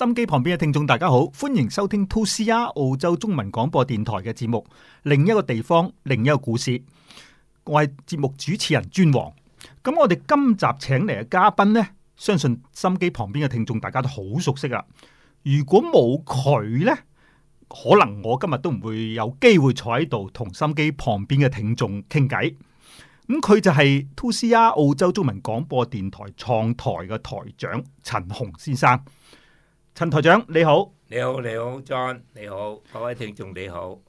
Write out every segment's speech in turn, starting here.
心機旁邊嘅聽眾大家好，歡迎收聽 2CR 澳洲中文廣播電台嘅節目，另一個地方，另一個故事，我係節目主持人尊王。咁我哋今集請嚟嘅嘉賓呢，相信心機旁邊嘅聽眾大家都好熟悉啦。如果冇佢呢，可能我今日都唔會有機會坐喺度同心機旁邊嘅聽眾傾偈。咁佢就係 2CR 澳洲中文廣播電台創台嘅台長陳雄先生。陳台長你好，你好，你好你好 John 你好，各位聽眾你好。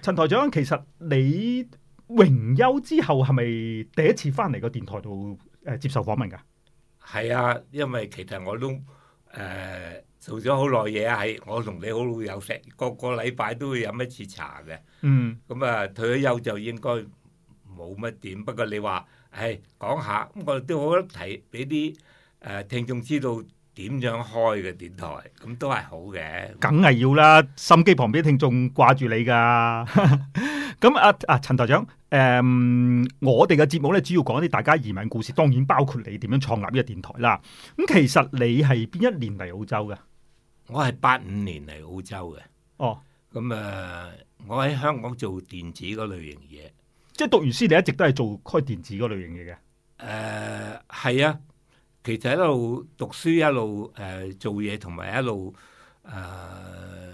陳台長其實你榮休之後係咪第一次翻嚟個電台度誒接受訪問噶？係啊，因為其實我都誒做咗好耐嘢啊。係、我同你好老友識，個個禮拜都會飲一次茶嘅。嗯，咁啊退咗休就應該冇乜點，不過你話係講下，我哋都好得提俾啲誒聽眾知道。點樣開嘅電台，咁都係好嘅，梗係要啦。心機旁邊聽眾掛住你噶，咁 啊啊陳台長，誒、嗯，我哋嘅節目咧主要講啲大家移民故事，當然包括你點樣創立呢個電台啦。咁其實你係邊一年嚟澳洲嘅，哦啊？我係八五年嚟澳洲嘅。哦，咁誒，我喺香港做電子嗰類型嘢，即係讀完書，你一直都係做開電子嗰類型嘢嘅。誒、呃，係啊。其實一路讀書一路誒、呃、做嘢，同埋一路誒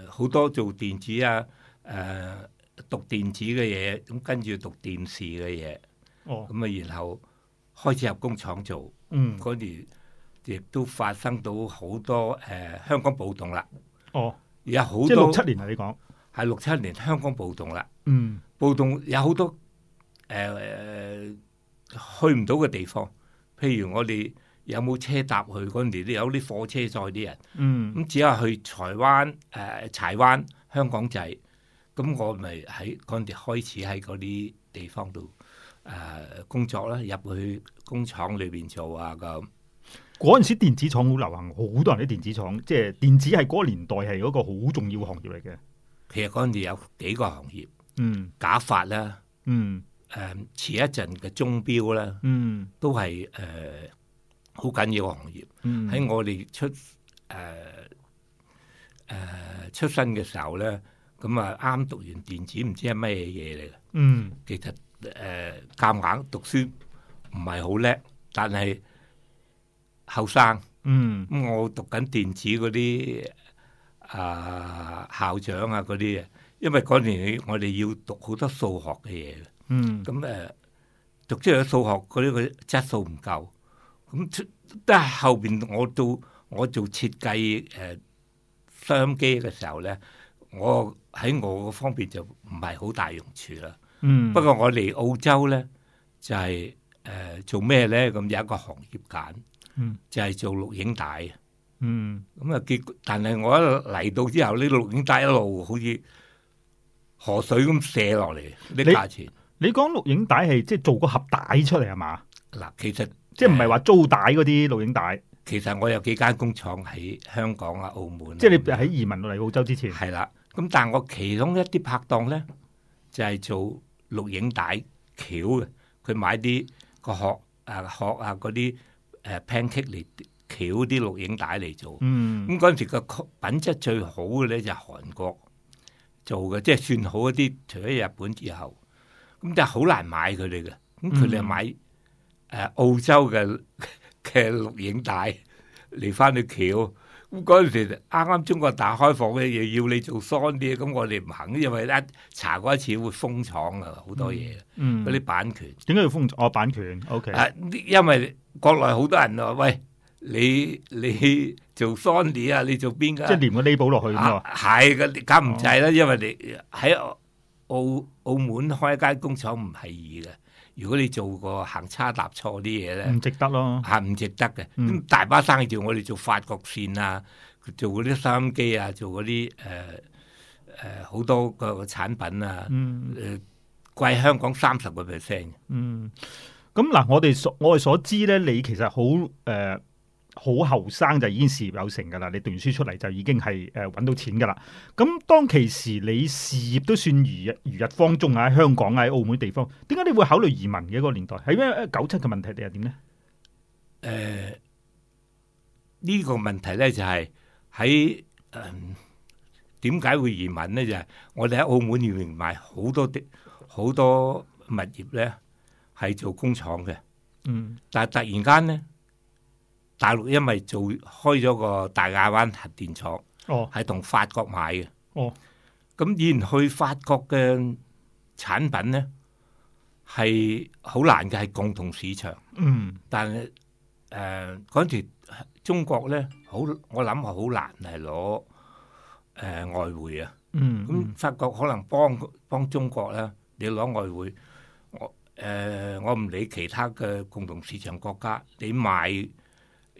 好多做電子啊誒、呃、讀電子嘅嘢，咁跟住讀電視嘅嘢。哦，咁啊，然後開始入工廠做。嗯，嗰年亦都發生到好多誒、呃、香港暴動啦。哦，有好多即係六七年啊！你講係六七年香港暴動啦。嗯，暴動有好多誒、呃、去唔到嘅地方，譬如我哋。有冇車搭去嗰陣時都有啲貨車載啲人，嗯，咁只係去台灣、誒、呃、柴灣、香港仔，咁我咪喺嗰陣時開始喺嗰啲地方度誒、呃、工作啦，入去工廠裏邊做啊咁。嗰陣時電子廠好流行，好多人喺電子廠，即、就、係、是、電子係嗰個年代係一個好重要嘅行業嚟嘅。其實嗰陣時有幾個行業，嗯，假髮啦，嗯，誒、嗯，遲一陣嘅鐘錶啦，嗯，都係誒。呃好緊要嘅行業喺、嗯、我哋出誒誒、呃呃、出生嘅時候咧，咁啊啱讀完電子唔知係咩嘢嚟嘅。嗯，其實誒夾、呃、硬讀書唔係好叻，但係後生。嗯，咁我讀緊電子嗰啲啊校長啊嗰啲，因為嗰年我哋要讀好多數學嘅嘢。嗯，咁誒、嗯嗯、讀咗數學嗰啲、嗰個質素唔夠。咁都係後邊，我到我做設計誒收音機嘅時候咧，我喺我個方面就唔係好大用處啦。嗯，不過我嚟澳洲咧就係、是、誒、呃、做咩咧？咁有一個行業揀，嗯，就係做錄影帶啊、嗯嗯。嗯，咁啊結，但係我一嚟到之後，啲錄影帶一路好似河水咁射落嚟，啲價錢。你講錄影帶係即係做個盒帶出嚟係嘛？嗱，其實。即係唔係話租帶嗰啲錄影帶？其實我有幾間工廠喺香港啊、澳門、啊，即係你喺移民落嚟澳洲之前係啦。咁但係我其中一啲拍檔咧，就係、是、做錄影帶橋嘅。佢買啲個殼、啊、殼啊嗰啲誒 pancake 嚟橋啲錄影帶嚟做。咁嗰陣時個品質最好嘅咧就係韓國做嘅，即、就、係、是、算好一啲，除咗日本之後，咁但係好難買佢哋嘅。咁佢哋買。嗯誒、啊、澳洲嘅嘅錄影帶嚟翻去橋，咁嗰陣時啱啱中國大開放嘅嘢，要你做 Sony，咁我哋唔肯，因為一查過一次會封廠啊，好多嘢，嗰啲、嗯、版權。點解要封？哦，版權。OK、啊。因為國內好多人啊，喂，你你，你做 Sony 啊，你做邊家？即係黏個 label 落去咁啊！係嘅，搞唔制啦，哦、因為你喺澳澳門開一間工廠唔係易嘅。如果你做個行差踏錯啲嘢咧，唔值得咯，吓唔、啊、值得嘅。咁、嗯、大把生意叫我哋做法國線啊，做嗰啲收音機啊，做嗰啲誒誒好多個產品啊，誒、嗯呃、貴香港三十個 percent。嗯，咁嗱，我哋所我哋所知咧，你其實好誒。呃好後生就已經事業有成噶啦，你讀完書出嚟就已經係誒揾到錢噶啦。咁當其時你事業都算如日如日方中啊，香港喺、啊、澳門地方，點解你會考慮移民嘅嗰、嗰個年代？係咩？九七嘅問題定係點呢？誒、呃，呢、呢個問題呢，就係喺誒點解會移民呢？就係、是、我哋喺澳門原來買好多啲、好多物業呢，係做工廠嘅。嗯，但係突然間呢。大陸因為做開咗個大亞灣核電廠，係同法國買嘅。咁以前去法國嘅產品咧，係好難嘅，係共同市場。嗯，但係誒嗰陣時中國咧，好我諗係好難係攞誒外匯啊。嗯，咁法國可能幫幫中國咧，你攞外匯，我誒我唔理其他嘅共同市場國家，你買，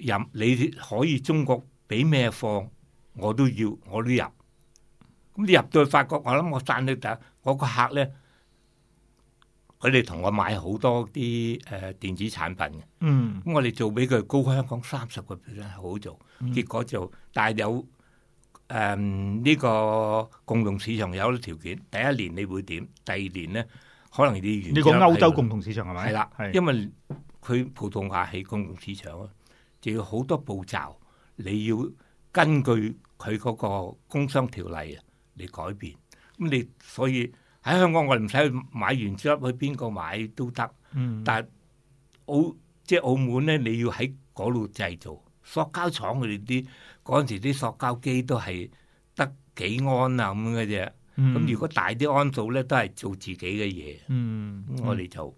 入你可以中國俾咩貨，我都要，我都入。咁你入到去法國，我諗我賺到㗎。我個客咧，佢哋同我買好多啲誒電子產品嘅。嗯，我哋做俾佢高香港三十個 percent，係好做。結果就，但係有誒呢個共同市場有啲條件。第一年你會點？第二年咧，可能啲你講歐洲共同市場係咪？係啦，因為佢葡萄牙係公共市場啊。就要好多步驟，你要根據佢嗰個工商條例啊嚟改變。咁你所以喺香港我哋唔使去買原資，去邊個買都得。但澳即係澳門咧，你要喺嗰度製造塑膠廠。佢哋啲嗰陣時啲塑膠機都係得幾安啊咁嘅啫。咁如果大啲安數咧，都係做自己嘅嘢。嗯，我哋就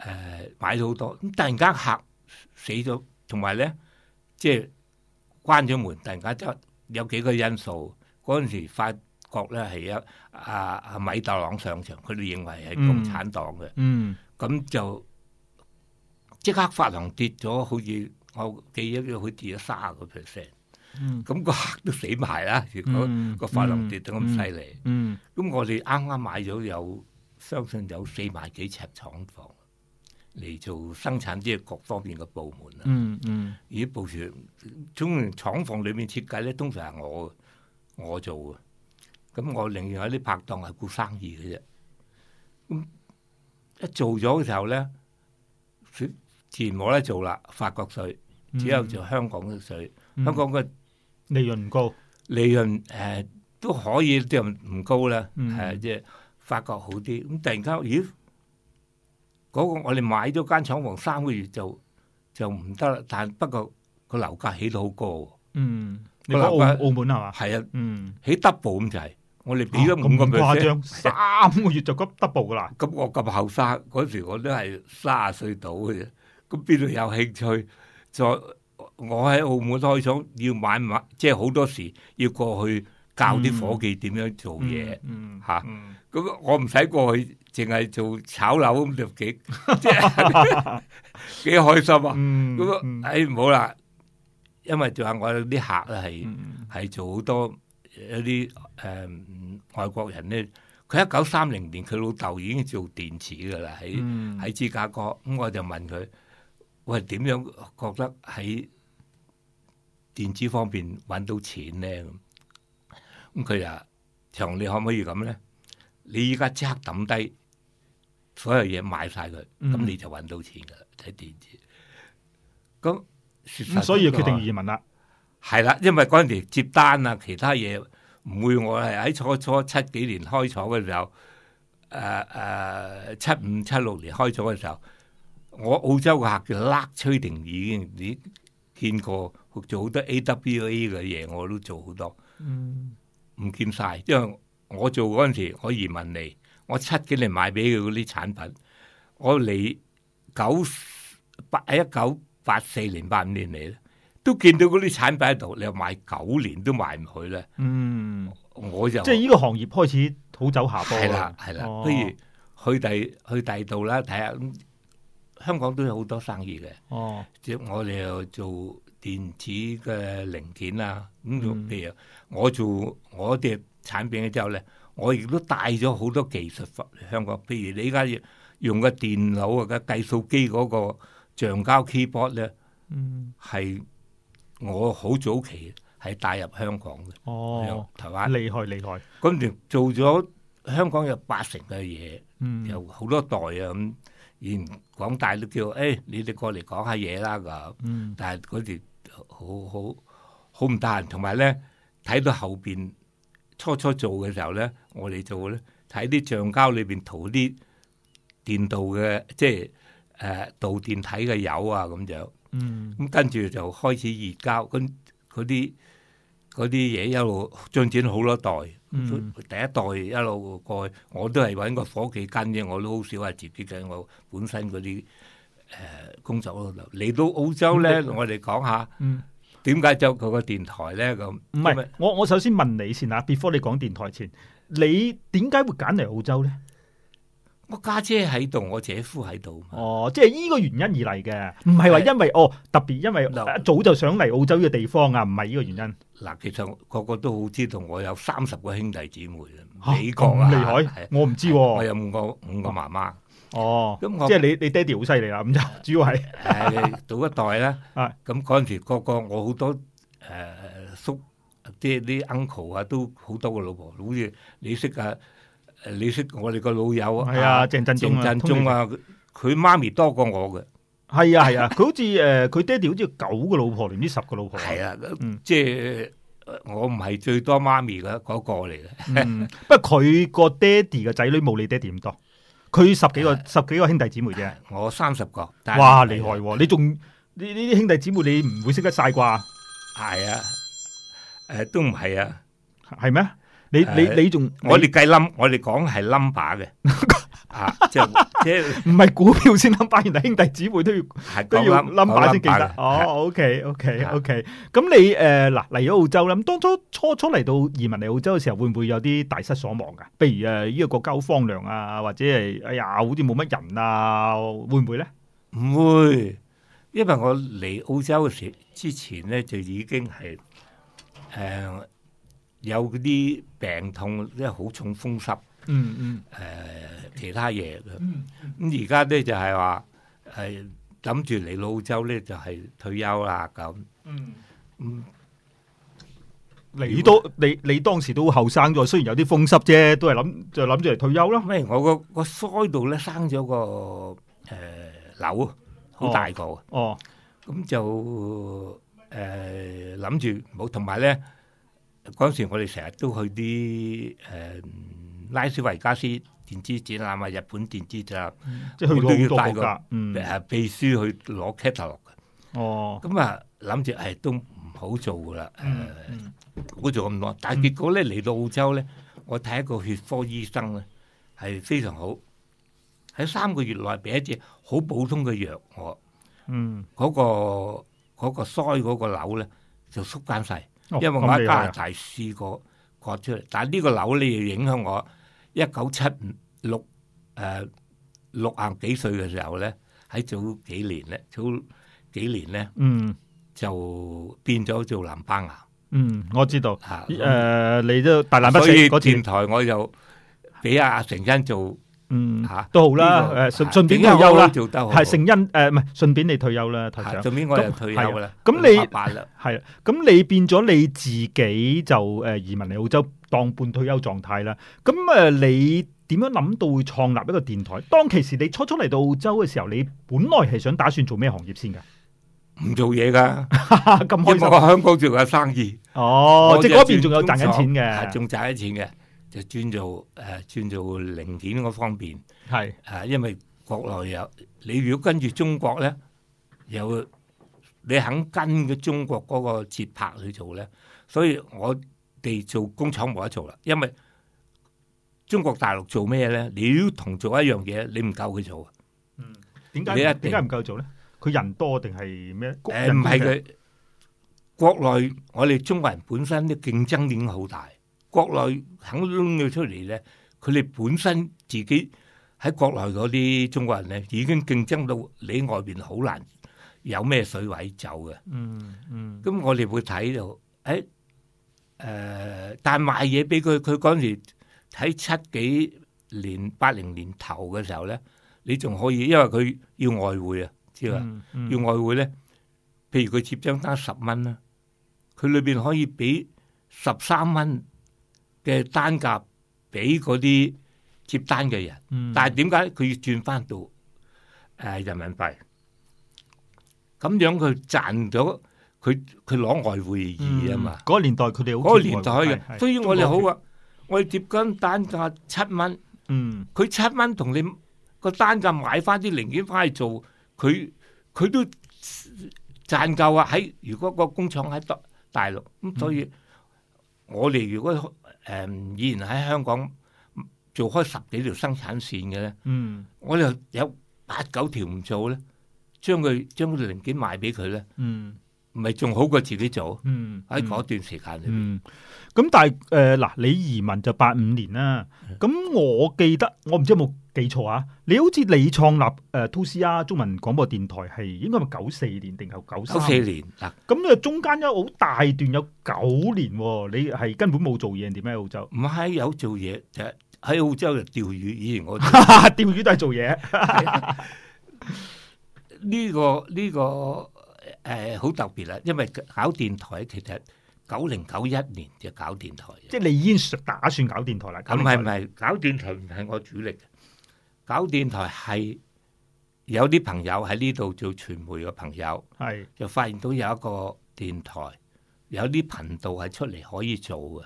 誒買咗好多。咁突然間客死咗。同埋咧，即係關咗門，突然間就有幾個因素。嗰陣時發覺咧，係一阿阿米特朗上場，佢哋認為係共產黨嘅，咁就即刻法郎跌咗，好似我記憶中佢跌咗卅個 percent。咁個客都死埋啦！如果個法郎跌得咁犀利，咁我哋啱啱買咗有相信有四萬幾尺廠房。嚟做生產啲嘅各方面嘅部門啊，嗯嗯，而啲部署，通常廠房裏面設計咧，通常係我我做嘅，咁我另外有啲拍檔係顧生意嘅啫，咁一做咗嘅時候咧，自然我咧做啦，法國稅只有做香港嘅稅，香港嘅利潤唔高，利潤誒都可以啲唔高啦，係即係法國好啲，咁突然間咦？嗰個我哋買咗間廠房三個月就就唔得啦，但不過個樓價起到好高。嗯，你話澳澳門係嘛？係啊，嗯，起 double 咁就係、是，我哋俾咗五個 percent，咁咁誇張三個月就急 double 噶啦。咁我咁後生嗰時我都係卅歲到嘅啫，咁邊度有興趣？再我喺澳門開廠，要買買，即係好多時要過去。教啲伙計點樣做嘢，吓，咁我唔使過去，淨係做炒樓咁，幾幾開心啊！咁啊，哎，唔好啦，因為仲有我啲客咧，係係做好多一啲誒外國人咧。佢一九三零年佢老豆已經做電子噶啦，喺喺芝加哥。咁我就問佢：喂，點樣覺得喺電子方面揾到錢咧？咁佢啊，祥、嗯、你可唔可以咁咧？你依家即刻抌低所有嘢，買晒佢，咁你就揾到錢噶啦，睇電子。咁、嗯，所以決定移民啦。係啦，因為嗰陣時接單啊，其他嘢唔會。我係喺初初七幾年開廠嘅時候，誒、呃、誒、呃，七五七六年開廠嘅時候，我澳洲嘅客叫拉崔婷，已經你見過，做好多 AWA 嘅嘢，我都做好多。嗯。唔見晒，因為我做嗰陣時，我移民嚟，我七幾年買俾佢嗰啲產品，我嚟九八一九八四年八五年嚟咧，都見到嗰啲產品喺度，你又賣九年都賣唔去咧。嗯，我就即係呢個行業開始好走下坡啦。係啦，係啦，哦、不如去第去第二度啦，睇下、嗯、香港都有好多生意嘅。哦，即我哋又做。電子嘅零件啦，咁仲譬如我做我哋產品嘅之後咧，我亦都帶咗好多技術翻嚟香港。譬如你依家用嘅電腦嘅計數機嗰個橡膠 keyboard 咧，係我好早期係帶入香港嘅。哦，台灣厲害厲害！咁仲做咗香港有八成嘅嘢，有好多代啊咁。然港大都叫誒，你哋過嚟講下嘢啦咁。嗯，但係佢哋。好好好，唔得閒，同埋咧，睇到後邊初初做嘅時候咧，我哋就咧睇啲橡膠裏邊塗啲電導嘅，即係誒導電體嘅油啊咁樣。嗯，咁跟住就開始移膠，跟嗰啲嗰啲嘢一路進展咗好多代。嗯，第一代一路過去，我都係揾個伙計跟啫，我都好少係自己跟。我本身嗰啲。誒，工作嗰度嚟到澳洲咧，同我哋講下，嗯，點解就佢個電台咧咁？唔係，我我首先問你先啦，before 你講電台前，你點解會揀嚟澳洲咧？我家姐喺度，我姐夫喺度，哦，即係呢個原因而嚟嘅，唔係話因為哦，特別因為早就想嚟澳洲嘅地方啊，唔係呢個原因。嗱，其實個個都好知道，我有三十個兄弟姊妹啦，你講啊，厲害，我唔知，我有五個五個媽媽。哦，咁即係你你爹哋好犀利啦，咁就主要係誒，早、 嗯、 一代啦，咁嗰陣時個個我好多誒叔，即係啲 uncle 啊，cle, 都好多個老婆，好似你識啊，誒你識我哋個老友啊，鄭振宗啊，佢媽咪多過我嘅，係啊係啊，佢、啊、好似誒佢爹哋好似九個老婆，連啲十個老婆，係啊，嗯、即係我唔係最多媽咪嘅嗰個嚟嘅，不過佢個爹哋嘅仔女冇你爹哋咁多。佢十幾個、啊、十幾個兄弟姊妹啫，我三十個，哇、啊、厲害喎！你仲呢呢啲兄弟姊妹你唔會識得晒啩？係啊，誒都唔係啊，係咩？你你你仲我哋計冧，我哋講係 number 嘅。 啊！即係唔係股票先 number，兄弟姊妹都要是都要 number 先記得。哦，OK，OK，OK。咁你誒嗱嚟咗澳洲啦，咁當初初初嚟到移民嚟澳洲嘅時候，會唔會有啲大失所望啊？譬如誒呢、uh, 個國家好荒涼啊，或者係哎呀好似冇乜人啊，會唔會咧？唔會，因為我嚟澳洲嘅時之前咧就已經係誒、uh, 有啲病痛，即係好重風濕。嗯嗯，誒、嗯呃，其他嘢，咁而家咧就係話係諗住嚟澳洲咧就係退休啦咁。嗯嗯，嗯你都、嗯、你你當時都後生咗，雖然有啲風濕啫，都係諗就諗住嚟退休囉。喂、嗯，我，我，我個個腮度咧生咗個誒瘤，好、呃、大個、哦，哦，咁、嗯、就誒諗住冇，同埋咧嗰時我哋成日都去啲誒。嗯嗯嗯嗯拉斯維加斯電子展覽啊嘛，日本電子展覽，我都要帶個誒秘書去攞 catalog 嘅。哦，咁啊諗住係都唔好做啦。誒，唔好做咁多，但係結果咧嚟到澳洲咧，我睇一個血科醫生咧係非常好。喺三個月內俾一隻好普通嘅藥我，嗯，嗰個嗰個腮嗰個瘤咧就縮緊晒，因為我喺加拿大試過割出嚟，但係呢個瘤咧影響我。一九七五六，誒，六廿幾歲嘅時候咧，喺早幾年咧，早幾年咧，嗯，就變咗做藍斑牙。嗯，我知道。吓，誒，你都大難不死嗰次電台，我就俾阿阿成恩做，嗯，吓都好啦，誒，順順便退休啦，做得好，係成恩，誒，唔係，順便你退休啦，退休，順便我又退休啦，咁你係啦，係，咁你變咗你自己就誒移民嚟澳洲。當半退休狀態啦，咁誒，你點樣諗到會創立一個電台？當其時你初初嚟到澳洲嘅時候，你本來係想打算做咩行業先噶？唔做嘢噶，咁 喺香港做下生意。哦，即係嗰邊仲有賺緊錢嘅，仲賺緊錢嘅，就轉做誒，轉、啊、做零件嗰方面係是啊，因為國內有你如果跟住中國咧，有你肯跟住中國嗰個節拍去做咧，所以我。地做工廠冇得做啦，因為中國大陸做咩咧？你要同做一樣嘢，你唔夠佢做啊？嗯，點解？你啊，點解唔夠做咧？佢人多定係咩？誒，唔係佢國內，我哋中國人本身啲競爭已經好大。國內肯拎佢出嚟咧，佢哋本身自己喺國內嗰啲中國人咧，已經競爭到你外邊好難有咩水位走嘅。嗯嗯，咁我哋會睇到誒。誒、呃，但係賣嘢俾佢，佢嗰陣時喺七幾年、八零年頭嘅時候咧，你仲可以，因為佢要外匯啊，知嘛？嗯嗯、要外匯咧，譬如佢接張單十蚊啦，佢裏邊可以俾十三蚊嘅單價俾嗰啲接單嘅人，嗯、但係點解佢要轉翻到誒、呃、人民幣？咁樣佢賺咗。佢佢攞外匯而已啊嘛！嗰、嗯嗰個年代佢哋好個年代，是所以我哋好啊！我哋接緊單價七蚊，嗯，佢七蚊同你個單價買翻啲零件翻去做，佢佢都賺夠啊！喺如果個工廠喺大大陸咁，所以我哋如果誒、嗯呃、以前喺香港做開十幾條生產線嘅咧，嗯，我哋有八九條唔做咧，將佢將啲零件賣俾佢咧，嗯。唔係仲好過自己做，喺嗰、嗯嗯、段時間裏邊。咁、嗯嗯、但係誒嗱，你移民就八五年啦。咁我記得我唔知有冇記錯啊？你好似你創立誒 2CR 中文廣播電台係應該咪九四年定係九？四九四年啊，咁啊、嗯、中間有好大段有九年，你係根本冇做嘢，點咩？澳洲？唔係有做嘢，就喺澳洲就釣魚。以前我釣 魚都係做嘢。呢個呢個。這個這個誒，好、呃、特別啦，因為搞電台其實九零九一年就搞電台，即係你已經打算搞電台啦。咁唔係唔係，搞電台唔係我主力嘅，搞電台係有啲朋友喺呢度做傳媒嘅朋友，係是就發現到有一個電台有啲頻道係出嚟可以做嘅。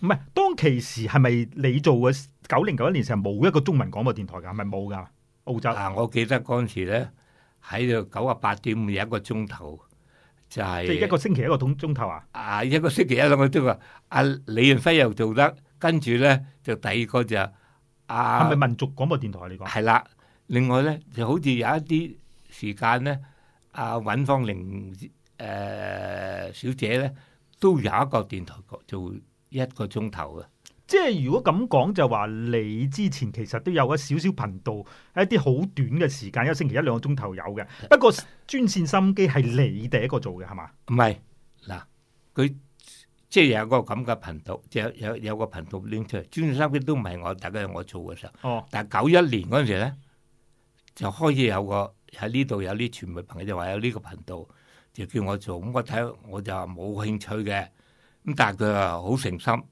唔係，當其時係咪你做嘅九零九一年時係冇一個中文廣播電台㗎？係咪冇㗎？澳洲嗱、啊，我記得嗰陣時咧。喺度九啊八點五一個鐘頭，就係、是、即係一個星期一個鐘鐘頭啊！啊，一個星期一兩個鐘啊！阿李潤輝又做得，跟住咧就第二個就是、啊，係咪民族廣播電台嚟、啊、講？係啦，另外咧就好似有一啲時間咧，阿、啊、尹芳玲誒、呃、小姐咧都有一個電台做一個鐘頭嘅。即係如果咁講就話，你之前其實都有一少少頻道，一啲好短嘅時間，一星期一兩個鐘頭有嘅。不過專線心機係你第一個做嘅，係嘛？唔係嗱，佢即係有個咁嘅頻道，即有有有個頻道拎出嚟。專線心機都唔係我，大家係我做嘅時候。哦，但係九一年嗰陣時咧，就開始有個喺呢度有啲傳媒朋友就話有呢個頻道，就叫我做。咁我睇，我就冇興趣嘅。咁但係佢啊好誠心。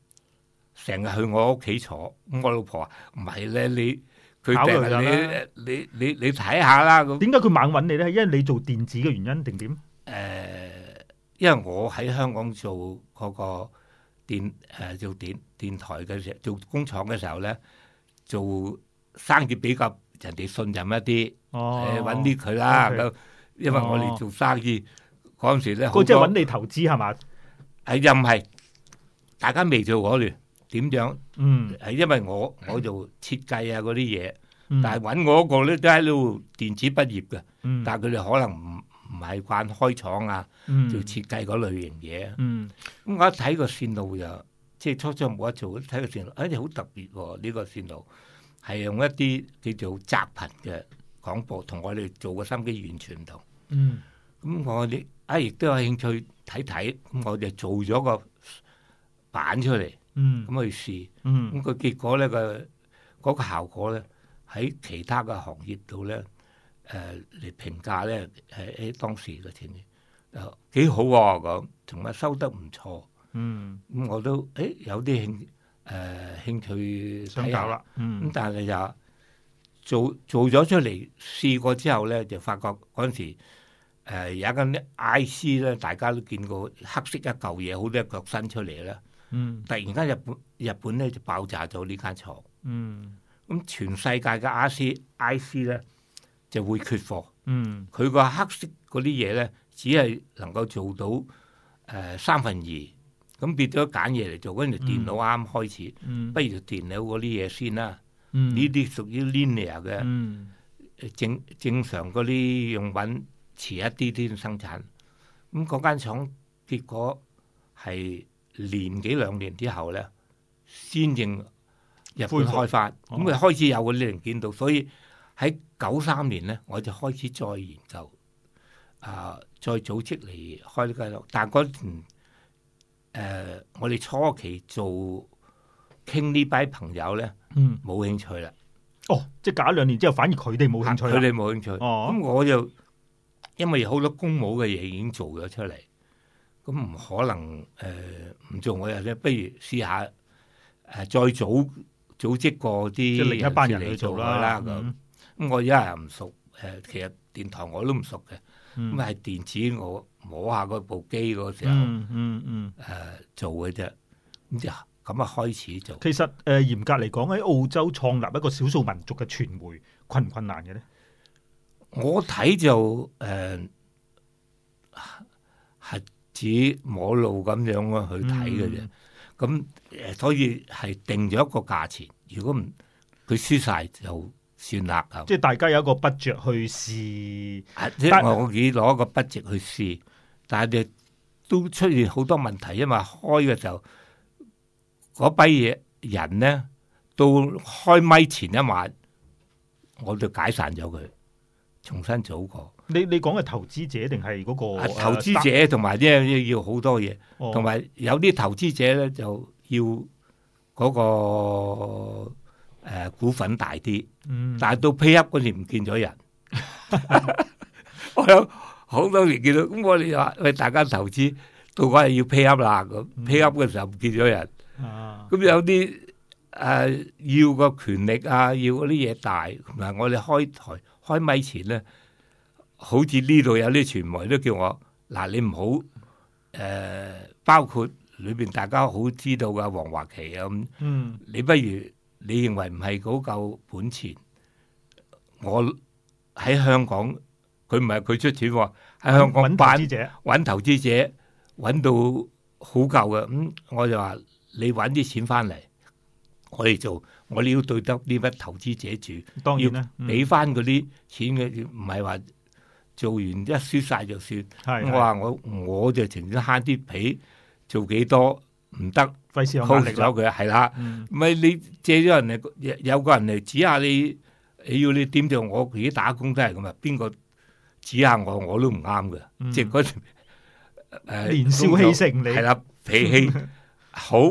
成日去我屋企坐，咁我老婆啊，唔係咧，你佢你你你你睇下啦。咁點解佢猛搵你咧？因為你做電子嘅原因定點？誒、呃，因為我喺香港做嗰個電誒、呃、做電、呃、做電、電台嘅時候，做工廠嘅時候咧，做生意比較人哋信任一啲，誒搵啲佢啦 okay.。因為我哋做生意嗰陣、哦、時咧，即係搵你投資係嘛？係又唔係？大家未做嗰點樣？嗯，係因為我我做設計啊嗰啲嘢，但係搵我嗰個咧都喺度電子畢業嘅，但係佢哋可能唔唔係慣開廠啊，做設計嗰類型嘢。嗯，咁我一睇個線路就即係初初冇得做，睇個線路誒，好特別喎！呢個線路係用一啲叫做窄頻嘅廣播，同我哋做個心機完全唔同。嗯，咁我哋啊亦都有興趣睇睇，咁我哋做咗個版出嚟。嗯，咁去試，咁個、嗯、結果咧個、那個效果咧喺其他嘅行業度咧，誒嚟評價咧喺當時嘅錢，幾、呃、好咁、啊，同埋收得唔錯、嗯欸呃。嗯，咁我都誒有啲興，誒興趣睇下啦。嗯，咁但係就做做咗出嚟試過之後咧，就發覺嗰陣時誒、呃、有一間啲 IC 咧，大家都見過黑色一嚿嘢，好多腳伸出嚟咧。嗯，突然間日本日本咧就爆炸咗呢間廠，嗯，咁、嗯、全世界嘅 IC IC 咧就會缺貨，嗯，佢個黑色嗰啲嘢咧只係能夠做到誒、呃、三分二，咁變咗揀嘢嚟做，跟住電腦啱開始，嗯嗯，不如電腦嗰啲嘢先啦，呢啲屬於 linear 嘅，嗯，正正常嗰啲用品遲一啲啲生產，咁嗰間廠結果係。年幾兩年之後咧，先至日本開發，咁佢、哦、開始有嗰啲人見到，所以喺九三年咧，我就開始再研究，啊、呃，再組織嚟開啲記錄。但係嗰陣我哋初期做傾呢班朋友咧，冇、嗯、興趣啦。哦，即係隔咗兩年之後，反而佢哋冇興趣，佢哋冇興趣。哦，咁我就因為有好多公務嘅嘢已經做咗出嚟。咁唔可能誒唔、呃、做我嘅咧，不如試下誒、呃、再組組織過啲另一班人去做啦咁。咁、嗯嗯、我一係唔熟誒、呃，其實電台我都唔熟嘅。咁係電子我摸下嗰部機嗰時候，誒做嘅啫。咁、嗯、啊，咁、嗯、開始做。其實誒、呃、嚴格嚟講，喺澳洲創立一個少數民族嘅傳媒，困唔困難嘅咧？我睇就誒。呃以摸路咁樣去睇嘅啫，咁誒、嗯，所以係定咗一個價錢。如果唔佢輸晒，輸就算啦。即係大家有一個筆值去試，啊、但即我自己攞個筆值去試，但係都出現好多問題，因為開嘅時候嗰批嘢人呢，到開咪前一晚，我就解散咗佢，重新做過。你你講嘅投資者定係嗰個？啊、投資者同埋咧要好多嘢，同埋、哦、有啲投資者咧就要嗰、嗰個誒、呃、股份大啲，嗯、但係到 pay up 嗰時唔見咗人。 我有好多年見到，咁我哋話喂，大家投資到我係要 pay up 啦，咁 pay up 嘅時候唔見咗人。咁、嗯、有啲誒、呃、要個權力啊，要嗰啲嘢大，同埋我哋開台開咪前咧。好似呢度有啲傳媒都叫我嗱、啊，你唔好誒，包括裏邊大家好知道嘅黃華琪啊，咁，嗯嗯、你不如你認為唔係夠本錢，我喺香港佢唔係佢出錢喎，喺香港揾投資者，揾投資者揾到好夠嘅咁，我就話你揾啲錢翻嚟，我哋做，我哋要對得呢筆投資者住，當然啦，俾翻嗰啲錢嘅唔係話。嗯做完一輸晒就算，我話我我就情願慳啲皮，做幾多唔得，費事耗力扭佢，係啦。唔係你借咗人嚟，有有個人嚟指下你，你要你點做？我自己打工都係咁啊，邊個指下我我都唔啱嘅，即係嗰時年少氣盛，你係啦，脾氣好，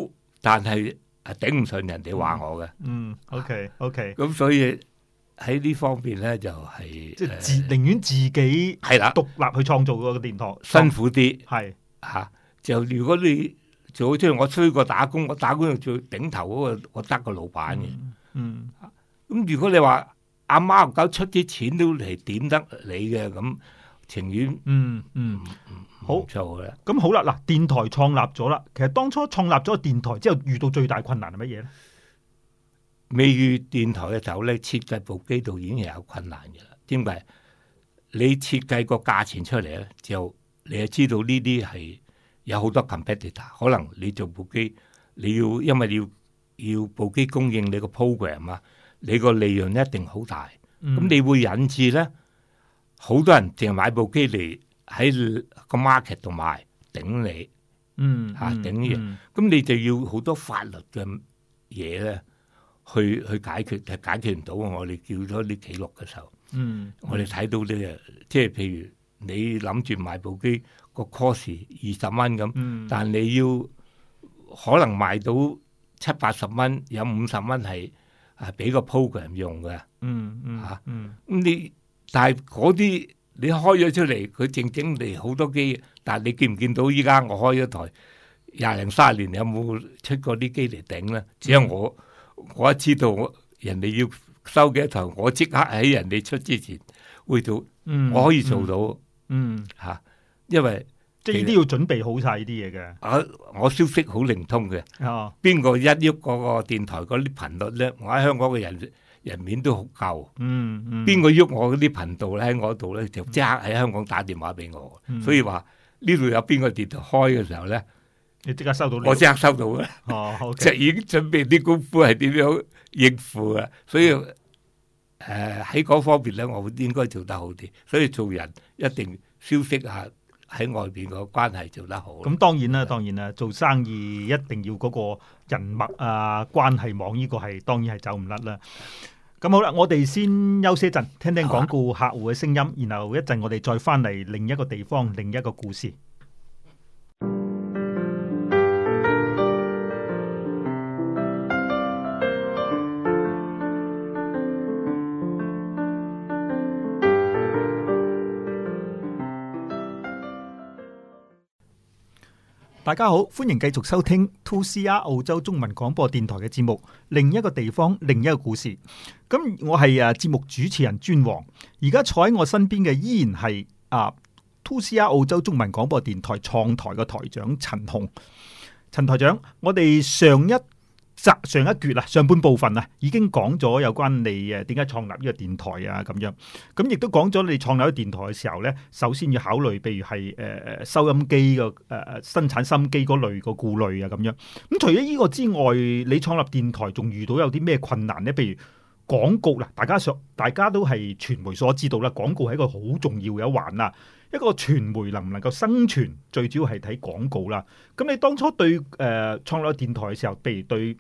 但係頂唔順人哋話我嘅。嗯，OK，OK，咁所以。喺呢方面咧，就係、是、即係自寧願自己係啦，獨立去創造個電台，嗯、辛苦啲係吓。就如果你就好似我追過打工，我打工就最頂頭嗰個我得個老闆嘅、嗯。嗯、咁、啊、如果你話阿媽唔夠出啲錢都嚟點得你嘅咁，情願嗯嗯，嗯，嗯，嗯好就好咁好啦，嗱，電台創立咗啦。其實當初創立咗個電台之後，遇到最大困難係乜嘢咧？未遇電台嘅時候，設計部機度已經係有困難嘅啦。因為你設計個價錢出嚟咧，就你就知道呢啲係有好多 competitor，可能你做部機，你要因為要要部機供應你個 program 啊，你個利潤一定好大。咁你會引致咧，好多人淨係買部機嚟喺個 market 度買頂你，嗯嚇頂你。咁你就要好多法律嘅嘢咧。去去解決係解決唔到，我哋叫咗啲記錄嘅時候，嗯，嗯我哋睇到咧，即係譬如你諗住買部機個 course 二十蚊咁，但你要可能賣到七八十蚊，有五十蚊係係俾個 program 用嘅、嗯，嗯嗯嚇，咁、啊、你但係嗰啲你開咗出嚟，佢正整嚟好多機，但係你見唔見到依家我開咗台廿零三十年有冇出過啲機嚟頂咧？只有我。嗯我知道我人哋要收幾多台，我即刻喺人哋出之前會做，嗯、我可以做到，嗯吓、啊，因為即係呢啲要準備好晒啲嘢嘅。我我消息好靈通嘅，啊、哦，邊個一喐嗰個電台嗰啲頻率咧，我喺香港嘅人人面都好夠，嗯嗯，邊個喐我嗰啲頻道咧喺我度咧，就即刻喺香港打電話俾我，嗯、所以話呢度有邊個電台開嘅時候咧。你即刻收到，我即刻收到嘅。哦，好，即已經準備啲功夫係點樣應付啊，所以誒喺嗰方面咧，我應該做得好啲。所以做人一定消息下喺外邊個關係做得好。咁當然啦，當然啦，做生意一定要嗰個人脈啊，關係網呢個係當然係走唔甩啦。咁好啦，我哋先休息陣，聽聽廣告客戶嘅聲音，然後一陣我哋再翻嚟另一個地方，另一個故事。大家好，歡迎繼續收聽 2CR 澳洲中文廣播電台嘅節目，另一個地方，另一個故事。咁我係誒、啊、節目主持人尊王，而家坐喺我身邊嘅依然係啊 2CR 澳洲中文廣播電台創台嘅台長陳雄。陳台長，我哋上一上一橛啦，上半部分啊，已經講咗有關你誒點解創立呢個電台啊咁樣，咁亦都講咗你創立咗電台嘅時候呢，首先要考慮，譬如係誒收音機嘅誒生產心機嗰類個顧慮啊咁樣。咁除咗呢個之外，你創立電台仲遇到有啲咩困難呢？譬如廣告啦，大家所大家都係傳媒所知道啦，廣告係一個好重要嘅一環啊。一個傳媒能唔能夠生存，最主要係睇廣告啦。咁你當初對誒創立咗電台嘅時候，譬如對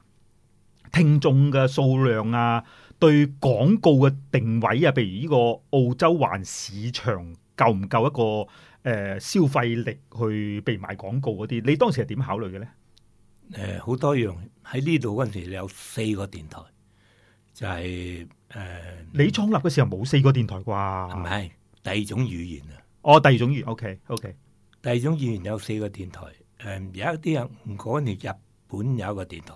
聽眾嘅數量啊，對廣告嘅定位啊，譬如呢個澳洲環市場夠唔夠一個誒、呃、消費力去被賣廣告嗰啲？你當時係點考慮嘅咧？誒、呃，好多樣喺呢度嗰陣時你有四個電台，就係、是、誒，呃、你創立嘅時候冇四個電台啩？唔係第二種語言啊？哦，第二種語言，OK OK，第二種語言有四個電台，誒、呃，有一啲人唔講你日本有一個電台。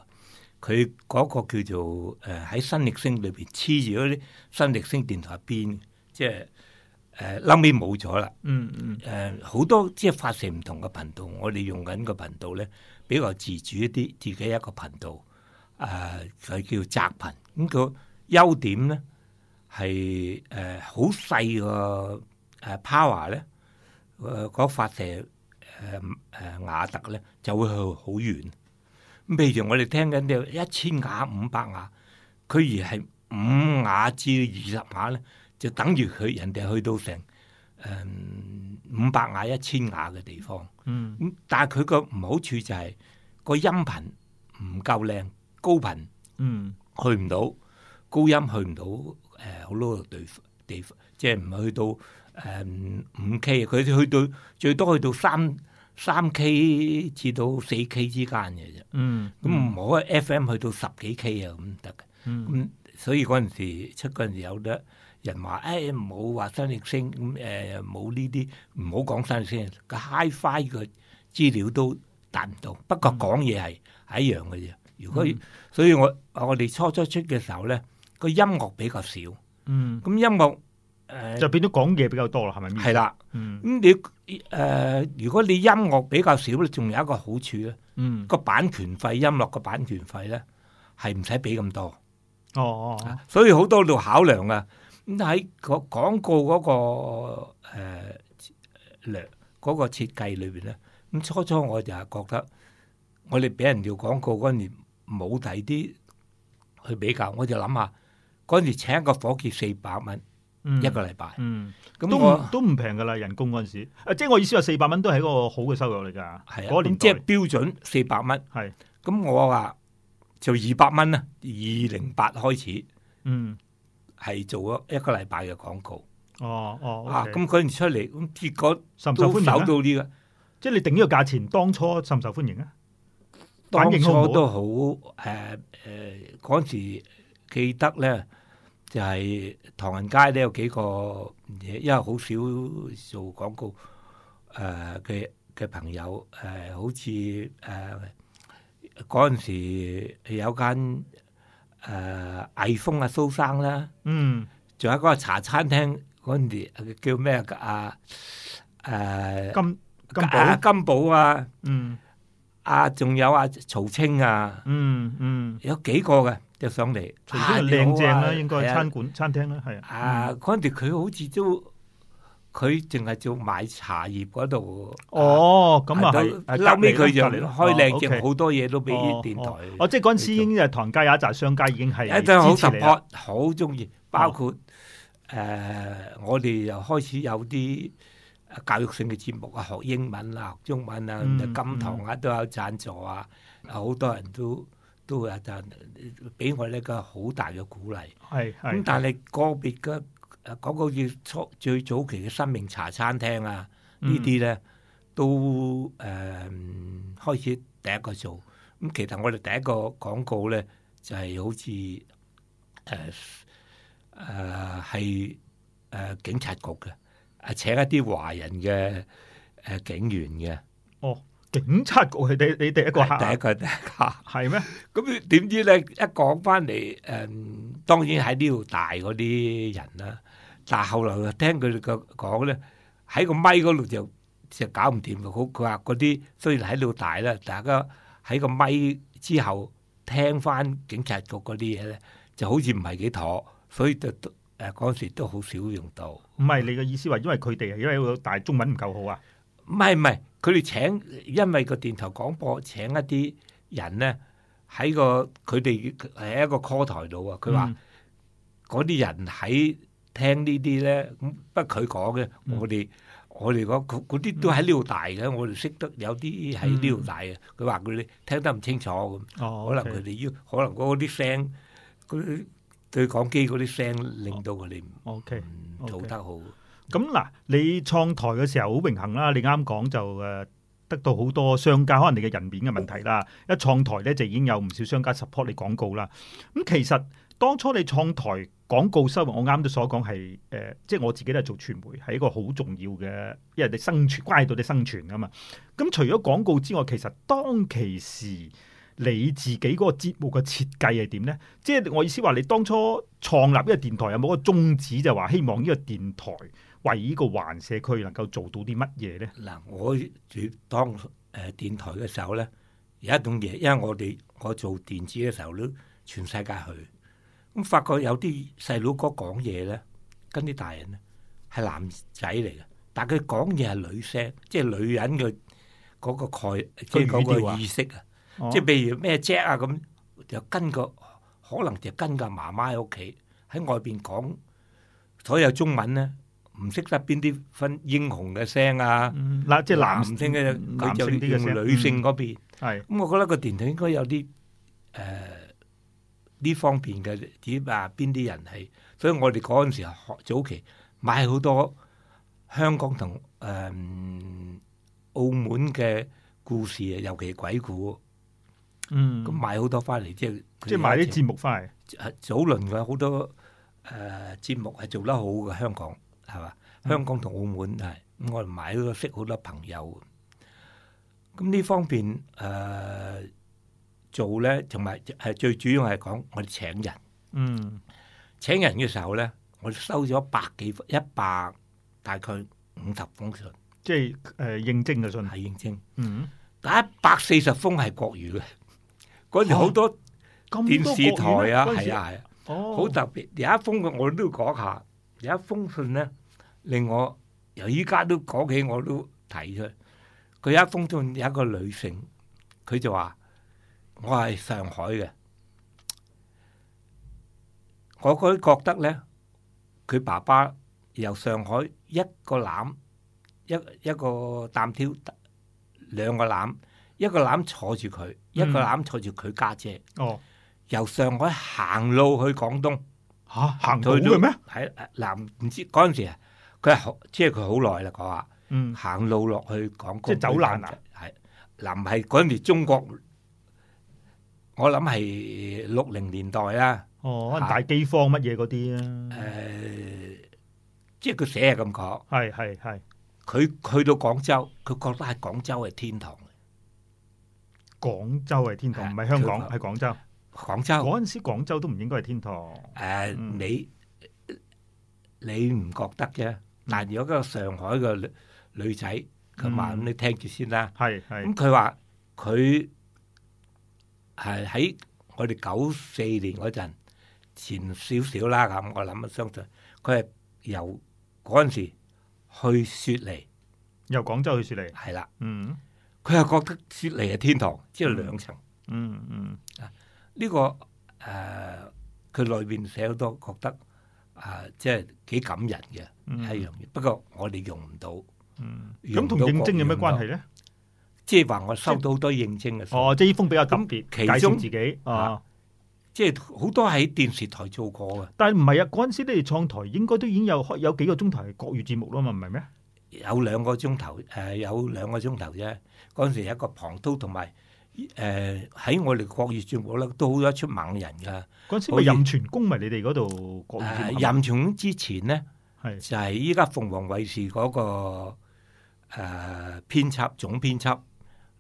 佢嗰個叫做誒喺、呃、新力星裏邊黐住嗰啲新力星電台入邊，即係誒臨尾冇咗啦。嗯嗯。誒好、呃、多即係發射唔同嘅頻道，我哋用緊個頻道咧比較自主一啲，自己一個頻道。誒、呃、佢叫窄頻。咁、嗯、個優點咧係誒好細個誒 power 咧，誒、呃、嗰發射誒誒、呃、瓦特咧就會去好遠。譬如我哋聽緊啲一千瓦、五百瓦，佢而係五瓦至二十瓦咧，就等於佢人哋去到成誒五百瓦、一千瓦嘅地方。嗯，但係佢個唔好處就係個音頻唔夠靚，高頻嗯去唔到高音，去唔到誒好多對地方，即係唔去到誒五 K，佢去到最多去到三。三 K 至到四 K 之間嘅啫，咁唔可以 FM 去到十幾 K 啊，咁得嘅。咁所以嗰陣時，出嗰陣時有得人話，唔好話新力聲，咁誒冇呢啲，唔好講新力聲。個 HiFi 嘅資料都達唔到。不過講嘢係係一樣嘅啫。如果所以我，我我哋初初出嘅時候咧，個音樂比較少，咁、嗯、音樂。就變咗講嘢比較多啦，係咪？係啦的，咁、嗯嗯、你誒、呃，如果你音樂比較少咧，仲有一個好處咧，個、嗯、版權費音樂個版權費咧係唔使俾咁多，哦，哦，哦、啊，所以好多度考量啊。咁喺個廣告嗰、那個誒量嗰個設計裏邊咧，咁初初我就係覺得我哋俾人做廣告嗰年冇第啲去比較，我就諗下嗰陣時請一個伙計四百蚊。一個禮拜，嗯，都都唔平噶啦，人工嗰陣時，誒、啊，即係我意思話四百蚊都係一個好嘅收入嚟噶，係啊，嗰年代即係標準四百蚊，係是，咁我話、啊、就二百蚊啦，二零八開始，嗯，係做咗一個禮拜嘅廣告，哦哦，okay、啊，咁嗰陣出嚟，咁結果受唔、這個、受，受歡迎到啲噶，即係你定呢個價錢，當初受唔受歡迎啊？當初都好，誒、呃、誒，嗰、呃、時、呃呃、記得咧。就係唐人街都有幾個，因為好少做廣告，誒嘅嘅朋友，誒、呃、好似誒嗰陣時有間誒矮、呃、峰啊，蘇生啦，嗯，仲有個茶餐廳嗰陣時叫咩嘅啊？誒、啊、金金寶、啊、金寶啊，嗯，啊仲有啊曹清啊，嗯嗯，嗯有幾個嘅。就上嚟，除係靚正啦，應該餐館、餐廳啦，係啊。啊，嗰陣時佢好似都，佢淨係做買茶葉嗰度。哦，咁啊，甩尾佢就嚟咯，開靚正好多嘢都俾電台。哦，即係嗰陣時已經係唐家也一紮商家已經係好突破，好中意，包括誒，我哋又開始有啲教育性嘅節目啊，學英文啊、中文啊、金堂啊都有贊助啊，好多人都。都會有得俾我呢個好大嘅鼓勵。係係。咁但係個別嘅廣告要初最早期嘅生命茶餐廳啊，呢啲咧都誒開始第一個做。咁其實我哋第一個廣告咧就係好似誒誒係誒警察局嘅，誒請一啲華人嘅誒警員嘅。哦。警察局佢哋你哋一個客，第一個第一個係咩？咁點知咧？一講翻嚟，誒、嗯，當然喺呢度大嗰啲人啦、啊。但係後來聽佢哋講咧，喺個咪嗰度就就搞唔掂。佢佢話嗰啲雖然喺度大啦，大家喺個咪之後聽翻警察局嗰啲嘢咧，就好似唔係幾妥，所以就誒嗰時都好少用到。唔係你嘅意思話，因為佢哋因為個大中文唔夠好啊？唔係唔係。佢哋請，因為個電台廣播請一啲人咧，喺個佢哋係一個 call 台度啊。佢話嗰啲人喺聽呢啲咧，咁不佢講嘅，我哋我哋講嗰嗰啲都喺呢度大嘅。我哋識得有啲喺呢度大嘅。佢話佢哋聽得唔清楚咁，可能佢哋要可能嗰啲聲，嗰啲對講機嗰啲聲令到佢哋唔做得好。咁嗱，你創台嘅時候好榮幸啦！你啱講就誒得到好多商家，可能你嘅人面嘅問題啦。一創台咧就已經有唔少商家 support 你廣告啦。咁其實當初你創台廣告收入，我啱都所講係誒，即係我自己都係做傳媒，係一個好重要嘅，因為你生存關係到你生存㗎嘛。咁除咗廣告之外，其實當其時你自己嗰個節目嘅設計係點咧？即係我意思話，你當初創立呢個電台有冇個宗旨，就係話希望呢個電台？有為呢個環社區能夠做到啲乜嘢咧？嗱，我住當誒電台嘅時候咧，有一種嘢，因為我哋我做電子嘅時候都全世界去咁，發覺有啲細佬哥講嘢咧，跟啲大人咧係男仔嚟嘅，但佢講嘢係女聲，即係女人嘅嗰個概即係嗰個意識啊。哦、即係譬如咩 Jack 啊咁，就跟個可能就跟個媽媽喺屋企喺外邊講，所有中文咧。唔識得邊啲分英雄嘅聲啊，嗱，即係男性嘅，佢就用女性嗰邊。係咁，我覺得個電台應該有啲誒呢方面嘅點啊，邊啲人係？所以我哋嗰陣時學早期買好多香港同誒澳門嘅故事啊，尤其係鬼故。嗯，咁買好多翻嚟，即係即係買啲節目翻嚟。誒，早輪嘅好多誒節目係做得好嘅香港。係嘛？香港同澳門係咁，我買都識好多朋友。咁呢方面誒做咧，同埋誒最主要係講我哋請人。嗯，請人嘅時候咧，我收咗百幾一百，大概五十封信，即係誒應徵嘅信。係應徵。嗯。但一百四十封係國語嘅，嗰時好多電視台啊，係啊係啊。哦。好特別，有一封嘅我都要講下。有一封信咧。令我由依家都講起，我都睇出佢一封信有一個女性，佢就話：我係上海嘅，我覺得覺得咧，佢爸爸由上海一個籃一一個擔挑兩個籃，一個籃坐住佢，一個籃坐住佢家姐。哦，由上海行路去廣東嚇，行到去咩？喺南唔知嗰陣時啊！即係佢好耐啦，講話行路落去講，即係走難啊！係嗱，唔係嗰陣時中國，我諗係六零年代啦。哦，可能大饑荒乜嘢嗰啲啊？誒，即係佢寫係咁講。係係係，佢去到廣州，佢覺得係廣州係天堂。廣州係天堂，唔係香港，係廣州。廣州嗰陣時，廣州都唔應該係天堂。誒，你你唔覺得啫？但如果個上海個女仔咁話，咁、嗯、你聽住先啦。係係。咁佢話佢係喺我哋九四年嗰陣前少少啦，咁我諗啊相信佢係由嗰陣時去雪梨，由廣州去雪梨。係啦的，嗯。佢係覺得雪梨係天堂，即、就、係、是、兩層。嗯嗯。嗯嗯啊，呢、這個誒，佢裏邊寫好多覺得。啊，即係幾感人嘅，係、嗯、一樣。不過我哋用唔到。嗯，咁同應徵有咩關係咧？即係話我收到好多應徵嘅。哦，即係呢封比較特別，介紹自己。啊，啊即係好多喺電視台做過嘅。但係唔係啊？嗰陣時你哋創台應該都已經有、有幾個鐘頭係國語節目啦嘛，唔係咩？有兩個鐘頭，誒有兩個鐘頭啫。嗰陣有一個龐濤同埋。誒喺我哋國語節目咧，都好一出猛人噶。嗰時任泉公咪你哋嗰度國，任泉之前咧，就係依家鳳凰衛視嗰個誒編輯、總編輯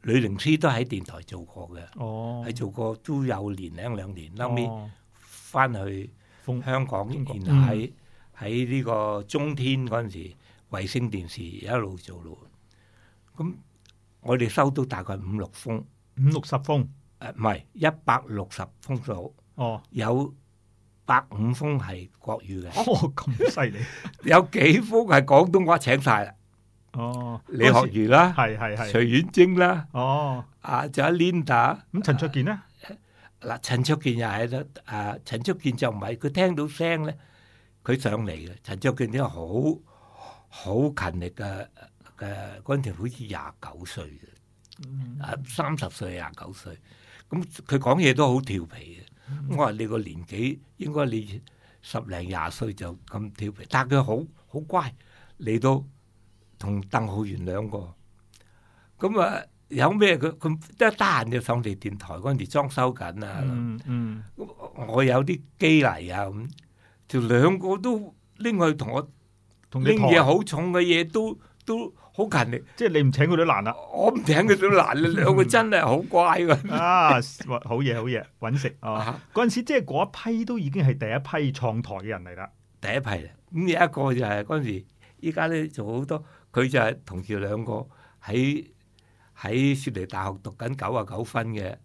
呂寧思都喺電台做過嘅。哦，喺做過都有年零兩年。後面翻去香港，然後喺喺呢個中天嗰陣時，衛星電視一路做咯。咁我哋收到大概五六封。五六十封，誒唔係一百六十封數，哦，有百五封係國語嘅，咁犀利， 有幾封係廣東話請晒、哦、啦，哦李學儒啦，係係係徐婉貞啦，哦啊仲有 Linda，咁陳、嗯、卓健咧，嗱陳、啊、卓健又係得，啊陳卓健就唔係佢聽到聲咧，佢上嚟嘅，陳卓健呢好好勤力嘅嘅，安好似廿九歲嘅。啊，三十歲廿九歲，咁佢講嘢都好調皮嘅。我話你個年紀應該你十零廿歲就咁調皮，但佢好好乖嚟到同鄧浩源兩個，咁啊有咩佢佢得閒就上嚟電台嗰陣時裝修緊啊。嗯嗯，咁我有啲機嚟啊，咁就兩個都拎去同我，拎嘢好重嘅嘢都都。好勤力，即係你唔請佢都難啦。我唔請佢都難，兩 個真係好乖噶、 啊。啊，好嘢好嘢，揾食啊！嗰陣、啊、時即係嗰一批都已經係第一批創台嘅人嚟啦，第一批啦。咁有一個就係嗰陣時，依家咧就好多，佢就係同時兩個喺喺雪梨大學讀緊九啊九分嘅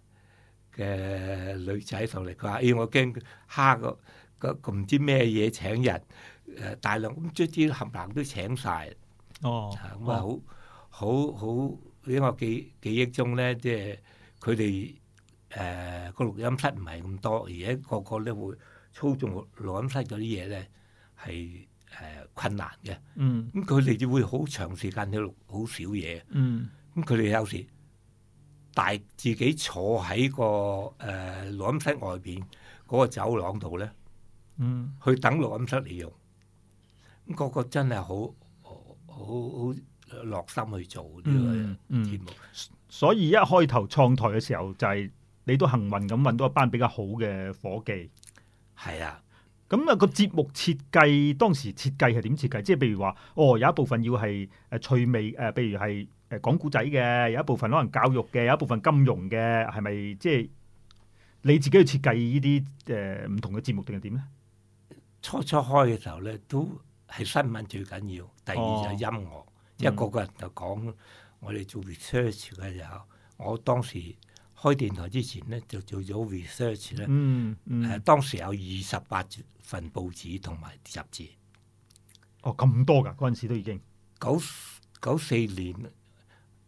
嘅女仔上嚟。佢話：，咦、哎，我驚蝦個唔知咩嘢請人，誒大量咁卒之冚唪唥都請晒。」哦，咁啊，好，好好，因為記記憶中咧，即係佢哋誒個錄音室唔係咁多，而且個個咧會操縱錄音室嗰啲嘢咧係誒困難嘅。嗯，咁佢哋就會好長時間錄好少嘢。嗯，咁佢哋有時大自己坐喺個誒錄音室外邊嗰個走廊度咧，嗯，mm. 去等錄音室嚟用，咁個個真係好。好好落心去做呢、這個節目、嗯嗯，所以一開頭創台嘅時候就係、是、你都幸運咁搵到一班比較好嘅伙計，係、嗯、啊。咁啊、那個節目設計當時設計係點設計？即係譬如話，哦有一部分要係誒趣味誒，譬、呃、如係誒講古仔嘅，有一部分可能教育嘅，有一部分金融嘅，係咪即係你自己去設計呢啲誒唔同嘅節目定係點咧？呢初初開嘅時候咧都。係新聞最緊要，第二就音樂。哦、一個個人就講我哋做 research 嘅時候，嗯、我當時開電台之前咧，就做咗 research 咧、嗯。嗯嗯、呃，當時有二十八份報紙同埋雜誌。哦，咁多㗎？嗰陣時都已經九九四年。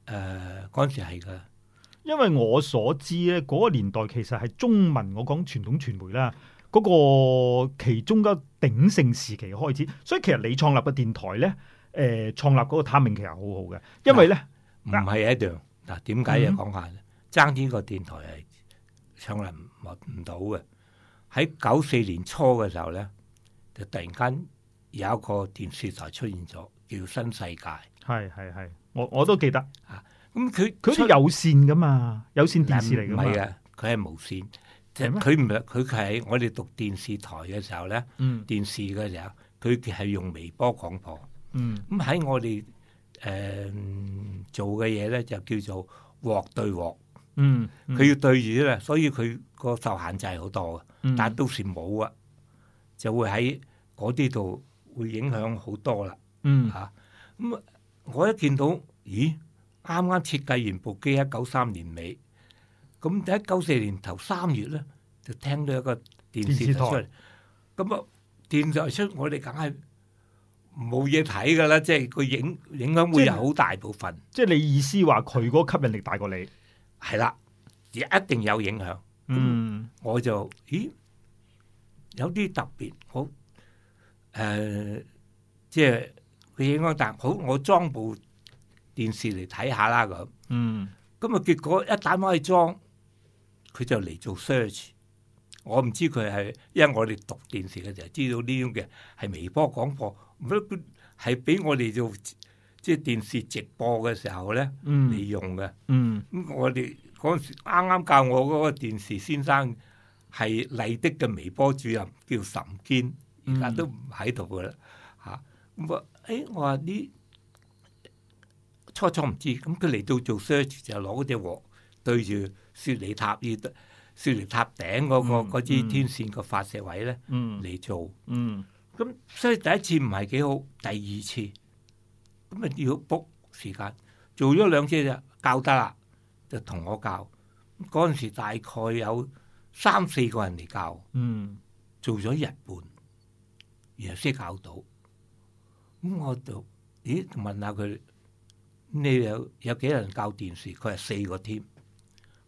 誒、呃，嗰陣時係㗎，因為我所知咧，嗰、嗰個年代其實係中文，我講傳統傳媒啦。嗰個其中嘅鼎盛時期開始，所以其實你創立嘅電台咧，誒、呃、創立嗰個 timing 其實好好嘅，因為咧唔係一樣嗱，點解嘅講下咧？爭啲個電台係上嚟唔唔到嘅。喺九四年初嘅時候咧，就突然間有一個電視台出現咗，叫新世界。係係係，我我都記得啊。咁佢佢好似有線噶嘛，有線電視嚟噶嘛，佢係、啊、無線。佢唔係，佢係我哋讀電視台嘅時候咧，嗯、電視嘅時候佢係用微波廣播。咁喺、嗯、我哋誒、呃、做嘅嘢咧就叫做鑊對鑊。佢、嗯嗯、要對住咧，所以佢個受限制好多嘅，嗯、但係都算冇啊。就會喺嗰啲度會影響好多啦。吓咁、嗯啊、我一見到，咦？啱啱設計完部機喺九三年尾。咁喺九四年頭三月咧，就聽到一個電視台出嚟，咁啊電，電視台出我，我哋梗係冇嘢睇噶啦，即係佢影影響會有好大部分。即係你意思話佢嗰吸引力大過你，係啦，一定有影響。嗯，我就咦有啲特別，好誒、呃，即係佢影響大，好我裝部電視嚟睇下啦咁。嗯，咁啊結果一打開裝。佢就嚟做 search，我唔知佢係，因為我哋讀電視嘅時候知道呢種嘅係微波廣播，唔一般係俾我哋做即係電視直播嘅時候咧嚟用嘅。咁我哋嗰陣時啱啱教我嗰個電視先生係麗的嘅微波主任，叫岑堅，而家都唔喺度嘅啦。嚇！咁啊，誒我話啲初初唔知，咁佢嚟到做 search 就攞嗰隻鑊對住。雪梨塔呢？雪梨塔頂嗰、嗰個、嗯、支天線個發射位咧，嚟、嗯、做，咁、嗯、所以第一次唔係幾好，第二次咁啊要 book 時間，做咗兩次就教得啦，就同我教。嗰陣時大概有三四個人嚟教，嗯、做咗一半，然後先教到，咁我就咦問下佢，你有有幾人教電視？佢係四個添。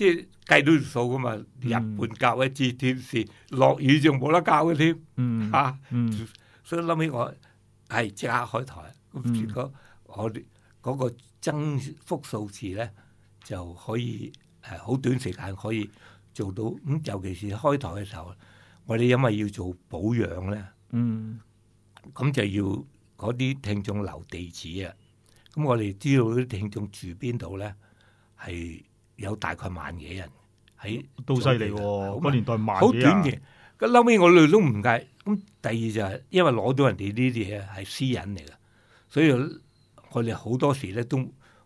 即係計到數噶嘛，日本教一支電視，落、嗯、雨就冇得教嘅添，吓，所以諗起我係即刻開台。咁如果我哋嗰個增幅數字咧就可以誒，好、呃、短時間可以做到。咁尤其是開台嘅時候，我哋因為要做保養咧，咁、嗯、就要嗰啲聽眾留地址啊。咁我哋知道啲聽眾住邊度咧，係。有大概萬幾人喺，都犀利個年代好短嘅。咁後屘我哋都唔介。咁、嗯、第二就係、是、因為攞到人哋呢啲嘢係私隱嚟嘅，所以我哋好多時咧都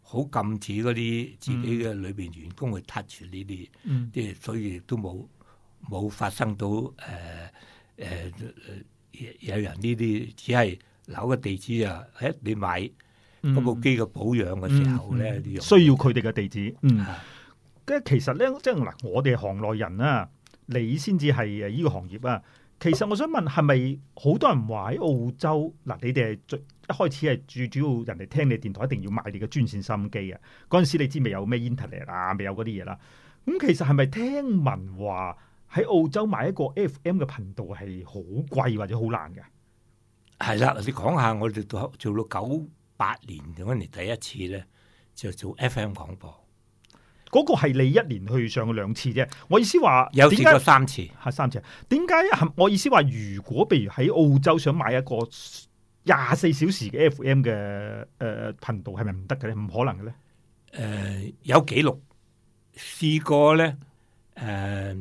好禁止嗰啲自己嘅裏邊員工去 touch 住呢啲，即係、嗯、所以都冇冇發生到誒誒、呃呃、有人呢啲只係留個地址啊，喺你買嗰部機嘅保養嘅時候咧、嗯嗯嗯，需要佢哋嘅地址。嗯嘅其實咧，即係嗱，我哋行內人啊，你先至係誒呢個行業啊。其實我想問，係咪好多人話喺澳洲嗱？你哋係最一開始係最主，主要人哋聽你電台，一定要買你嘅專線收音機啊。嗰陣時你知未有咩 Internet 啊，未有嗰啲嘢啦。咁、嗯、其實係咪聽聞話喺澳洲買一個 FM 嘅頻道係好貴或者好難嘅？係啦，你講下我哋做做到九八年嗰年第一次咧，就做 FM 廣播。嗰個係你一年去上兩次啫，我意思話點解三次嚇三次？點解？啊？我意思話，如果譬如喺澳洲想買一個廿四小時嘅 FM 嘅誒頻道，係咪唔得嘅咧？唔可能嘅咧？誒、呃、有記錄試過咧，誒、呃、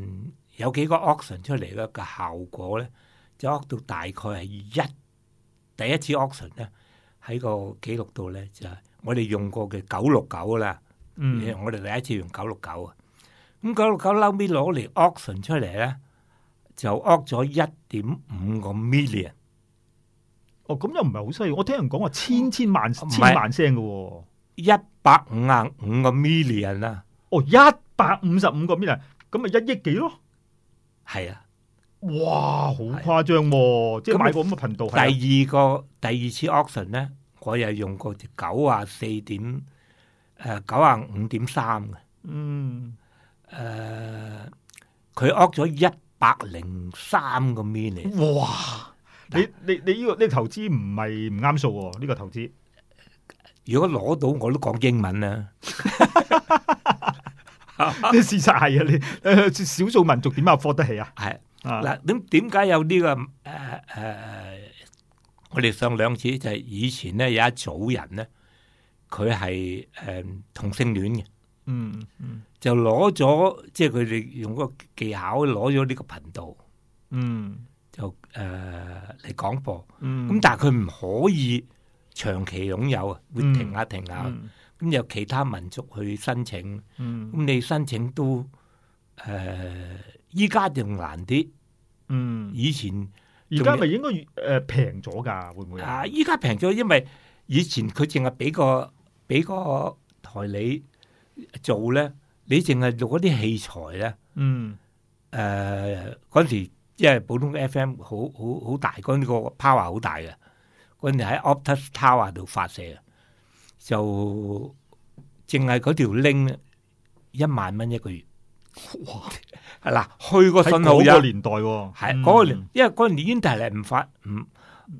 有幾個 option 出嚟咧，嘅效果咧，就到大概係一第一次 option 咧喺個記錄度咧就係、是、我哋用過嘅九六九啦。嗯，我哋第一次用九六九啊，咁九六九嬲尾攞嚟 auction 出嚟咧，就 auction 咗一點五個 million，哦，咁又唔係好犀利，我聽人講話千千萬千萬聲嘅，一百五十五個 million 啦，哦一百五十五個 million，咁咪一億幾咯，係啊，哇好誇張喎，即係買個咁嘅頻道。係，第二個第二次 auction 咧，我又用過隻九啊四點。誒，九啊五點三嘅，嗯，誒，佢握咗一百零三個 million 哇！ 你 你你呢、這個呢投資唔係唔啱數喎？呢、這個投資如果攞到我都講英文啦，呢事實係啊，你少數民族點啊 hold 得起 啊？係嗱，咁點解有呢、這個誒誒、呃呃？我哋上兩次就係以前咧有一組人咧。佢係誒同性戀嘅、嗯，嗯嗯，就攞咗即係佢哋用個技巧攞咗呢個頻道，嗯，就誒嚟廣播，咁、嗯、但係佢唔可以長期擁有啊，會停下停下，咁、嗯嗯、有其他民族去申請，咁、嗯、你申請都誒依家仲難啲，嗯，以前，而家咪應該誒平咗噶，會唔會啊？依家平咗，因為以前佢淨係俾個。俾嗰個台你做咧，你淨係做嗰啲器材咧。嗯，誒，嗰時因為普通 FM 好好好大，嗰個 power 好大嘅，嗰陣時喺 Optus Tower 度發射嘅，就淨係嗰條 link，一萬蚊一個月。哇！係啦，去個信號個年代，係嗰個，因為嗰陣時英達嚟唔發，唔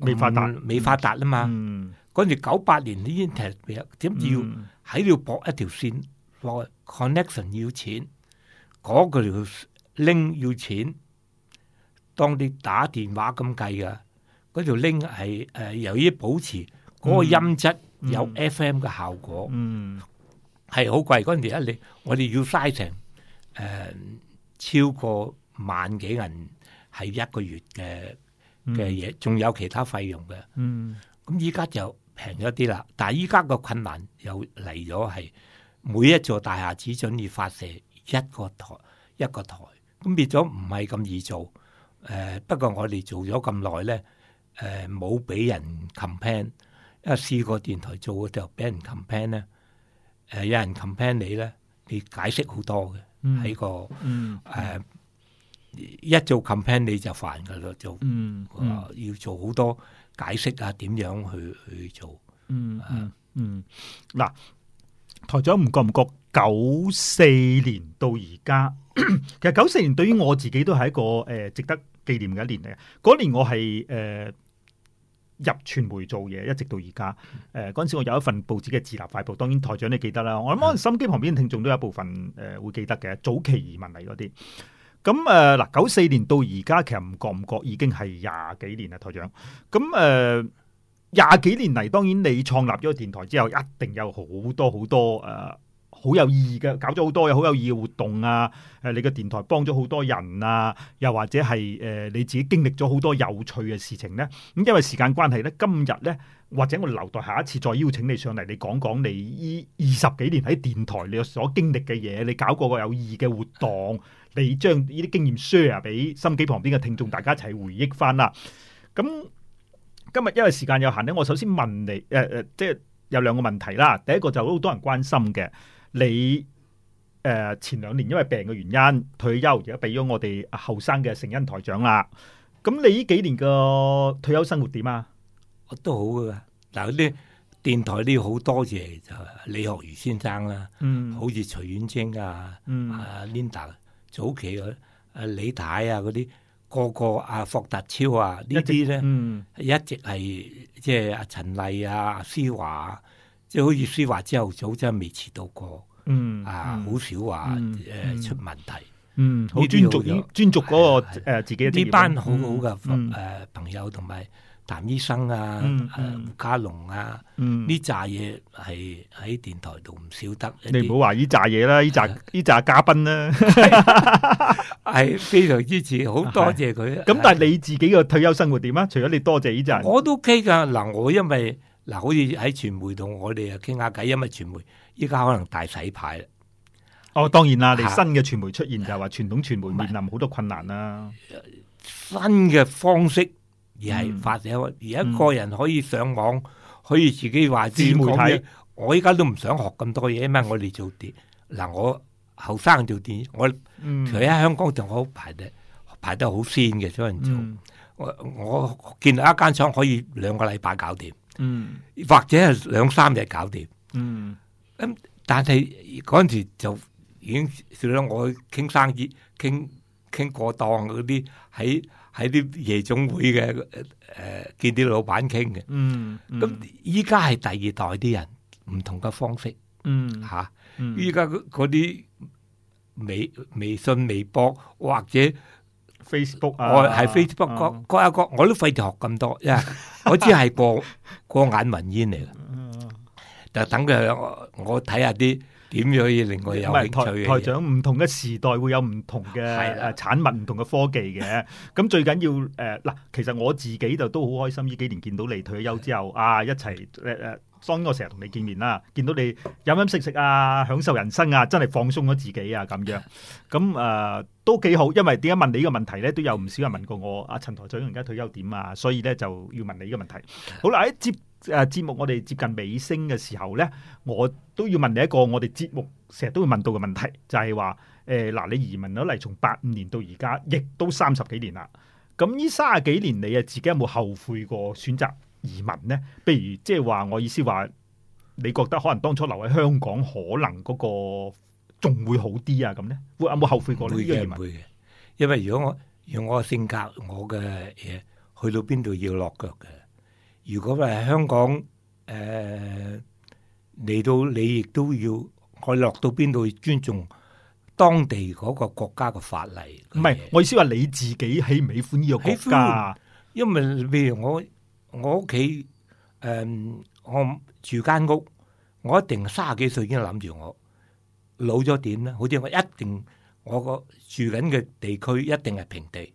未發達，未發達啦嘛。嗰陣時九八年啲 Internet 點要喺度博一條線，博 connection 要錢，嗰個條 link 要錢，當你打電話咁計噶，嗰條 link 係誒由於保持嗰個音質有 FM 嘅效果，係好貴。嗰陣時咧，你我哋要嘥成誒超過萬幾銀係一個月嘅嘅嘢，仲有其他費用嘅。咁依家就。平咗啲啦，但係依家個困難又嚟咗，係每一座大廈只准你發射一個台，一個台咁變咗唔係咁易做。誒、呃，不過我哋做咗咁耐咧，誒、呃，冇俾人 compete，啊，試過電台做嘅就俾人 compete 咧、呃。誒，有人 compete 你咧，你解釋好多嘅，喺、嗯、個誒、呃嗯、一做 compete 你就煩噶啦，就啊、嗯嗯、要做好多。解釋啊，點樣去去做？嗯嗯嗯，嗱、嗯嗯，台長唔覺唔覺？九四年到而家， 其實九四年對於我自己都係一個誒、呃、值得紀念嘅一年嚟嘅。嗰年我係誒、呃、入傳媒做嘢，一直到而家。誒、呃，嗰陣時我有一份報紙嘅自立快報，當然台長你記得啦。我諗我心機旁邊聽眾都有一部分誒、呃、會記得嘅，早期移民嚟嗰啲。咁誒嗱，九四、呃、年到而家，其實唔覺唔覺已經係廿幾年啦，台長。咁誒，廿、呃、幾年嚟，當然你創立咗電台之後，一定有好多好多誒、呃好有意義嘅，搞咗好多又好有意義嘅活動啊！誒、呃，你嘅電台幫咗好多人啊，又或者係誒、呃、你自己經歷咗好多有趣嘅事情呢。咁、嗯、因為時間關係呢，今日呢，或者我留待下一次再邀請你上嚟，你講講你依二十幾年喺電台你所經歷嘅嘢，你搞過個有意義嘅活動，你將呢啲經驗 share 俾心機旁邊嘅聽眾，大家一齊回憶翻啦。咁、嗯、今日因為時間有限呢，我首先問你誒誒、呃呃，即係有兩個問題啦。第一個就好多人關心嘅。你誒、呃、前兩年因為病嘅原因退休，而家俾咗我哋後生嘅成恩台長啦。咁你呢幾年嘅退休生活點啊？我都、嗯、好嘅、啊。嗱、嗯，啲電台呢好多謝就李學儒先生啦。嗯，好似徐婉清啊，啊 Linda，早期嘅啊李太啊嗰啲個個啊霍達超啊呢啲咧，一直係即係阿陳麗啊、阿思華。即係好似說話朝頭早真係未遲到過。嗯，啊，好少話誒出問題。嗯，好尊重專注個誒自己呢班好好嘅誒朋友，同埋譚醫生啊，誒吳嘉龍啊，呢扎嘢係喺電台度唔少得。你唔好話呢扎嘢啦，呢扎呢扎嘉賓啦，係非常支持，好多謝佢。咁但係你自己嘅退休生活點啊？除咗你多謝呢扎，我都 OK 噶。嗱，我因為。嗱，好似喺傳媒同我哋啊傾下偈，因為傳媒依家可能大洗牌啦。哦，當然啦，你新嘅傳媒出現就係話傳統傳媒面臨好多困難啦、啊啊。新嘅方式而係發展，嗯、而一個人可以上網，嗯、可以自己話自，自媒體。我依家都唔想學咁多嘢，咁我哋做啲。啊，嗱，我後生做啲。我佢喺、嗯、香港就好排的，排得好先嘅，所以就我我建立一間廠可以兩個禮拜搞掂。嗯，或者係兩三日搞掂，嗯，咁但係嗰陣時就已經少咗我傾生意，傾傾過檔嗰啲喺喺啲夜總會嘅誒、呃，見啲老闆傾嘅、嗯，嗯，咁依家係第二代啲人唔同嘅方式，嗯吓，依家嗰啲微微信、微博或者。Facebook 啊，係 Facebook，各各阿哥我都費事學咁多，因為我知係過過眼雲煙嚟嘅，就等佢我我睇下啲點樣可以令我有興趣嘅嘢。台台長，唔同嘅時代會有唔同嘅誒產物，唔同嘅科技嘅，咁最緊要誒嗱，其實我自己就都好開心，呢幾年見到你退休之後啊，一齊誒誒。所以我成日同你見面啦，見到你飲飲食食啊，享受人生啊，真係放鬆咗自己啊，咁樣咁誒都幾好。因為點解問你呢個問題咧，都有唔少人問過我。阿陳台長而家退休點啊，所以咧就要問你呢個問題。好啦，喺接誒節目，我哋接近尾聲嘅時候咧，我都要問你一個我哋節目成日都會問到嘅問題，就係話誒嗱，你移民咗嚟，從八五年到而家，亦都三十幾年啦。咁呢三十幾年你啊，自己有冇後悔過選擇？移民咧，譬如，即係話，我意思話，你覺得可能當初留喺香港，可能嗰個仲會好啲啊？咁咧，會有冇後悔過呢啲移民？唔會嘅，因為如果我用我嘅性格，我嘅嘢去到邊度要落腳嘅。如果喺香港，誒嚟到你亦都要我落到邊度去尊重當地嗰個國家嘅法例。唔係，我意思話你自己喜唔喜歡呢個國家，因為譬如我。我屋企誒，我住間屋，我一定卅幾歲已經諗住我老咗點啦。好似我一定，我個住緊嘅地區一定係平地，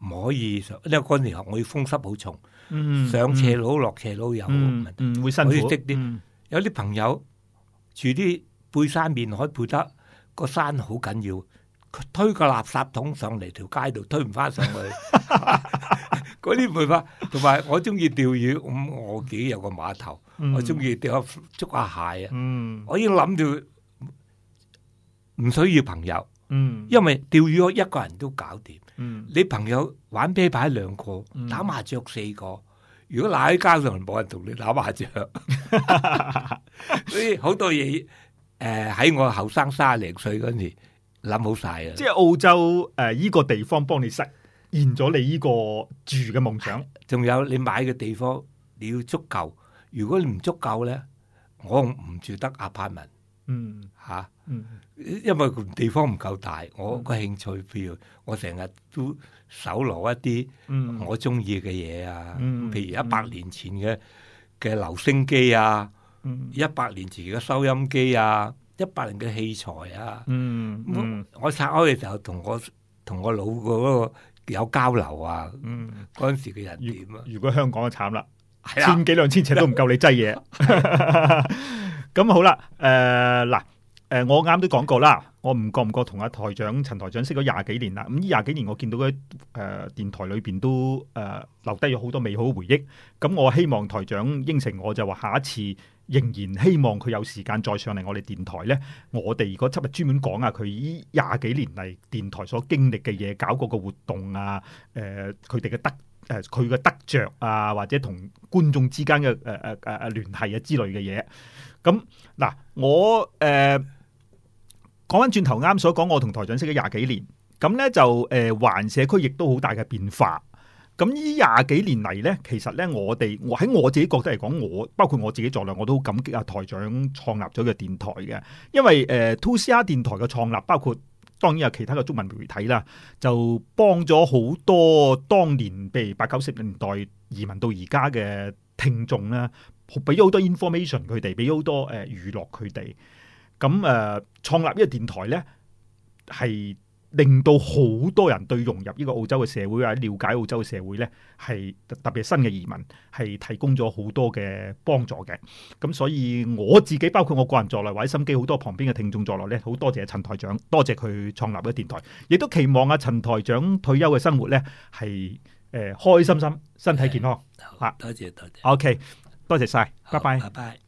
唔可以上。因為嗰年學我要風濕好重，嗯、上斜路落、嗯、斜路有問題，嗯、能會辛苦啲。嗯、有啲朋友住啲背山面海，可以背得、嗰個山好緊要，推個垃圾桶上嚟條街度，推唔翻上去。 嗰啲唔係嘛，同埋我中意釣魚，咁我自己有個碼頭，嗯、我中意釣下、捉下蟹啊！嗯、我已經諗住唔需要朋友，嗯、因為釣魚我一個人都搞掂。嗯、你朋友玩啤牌兩個，打麻雀四個，如果賴喺街上，冇人同你打麻雀。 所以多、呃、多好多嘢，誒喺我後生卅零歲嗰陣時諗好晒啊！即係澳洲誒，依、呃這個地方幫你識。現咗你呢個住嘅夢想，仲、啊、有你買嘅地方你要足夠。如果你唔足夠咧，我唔住得阿帕文。嗯，吓、啊，因為地方唔夠大。我個、嗯、興趣，如啊嗯、譬如我成日都搜羅一啲我中意嘅嘢啊。譬如一百年前嘅嘅留聲機啊，一百年前嘅收音機啊，一百年嘅器材啊。嗯，嗯，嗯我，我拆開嘅時候，同我同我老、嗰個個。有交流啊，嗯，嗰陣時嘅人點啊？如果香港就慘啦，啊、千幾兩千尺都唔夠你擠嘢、 啊。咁 好啦，誒、呃、嗱，誒我啱都講過啦，我唔覺唔覺同阿台長陳台長識咗廿幾年啦。咁呢廿幾年我見到嘅誒、呃、電台裏邊都誒、呃、留低咗好多美好嘅回憶。咁我希望台長應承我就話下一次。仍然希望佢有時間再上嚟我哋電台咧，我哋如果七日專門講下佢依廿幾年嚟電台所經歷嘅嘢，搞過嘅活動啊，誒佢哋嘅得誒佢嘅得著啊，或者同觀眾之間嘅誒誒誒誒聯繫啊之類嘅嘢。咁嗱，我誒講翻轉頭啱所講，我同台長識咗廿幾年，咁咧就誒環社區亦都好大嘅變化。咁呢廿幾年嚟呢，其實呢，我哋喺我自己覺得嚟講，我包括我自己在內，我都好感激阿台長創立咗個電台嘅，因為誒 2CR、呃、電台嘅創立，包括當然有其他嘅中文媒體啦，就幫咗好多當年譬如八九十年代移民到而家嘅聽眾啦，俾咗好多 information 佢哋，俾咗好多誒娛樂佢哋，咁誒創立呢個電台呢，係。令到好多人對融入呢個澳洲嘅社會，或者了解澳洲嘅社會呢，係特別新嘅移民，係提供咗好多嘅幫助嘅。咁所以我自己包括我個人在內，或者心機好多旁邊嘅聽眾在內呢，好多謝陳台長，多謝佢創立咗電台，亦都期望阿陳台長退休嘅生活咧，係誒開開心心，身體健康。嗯嗯嗯、啊好，多謝多謝，OK，多謝曬，拜拜好，拜拜。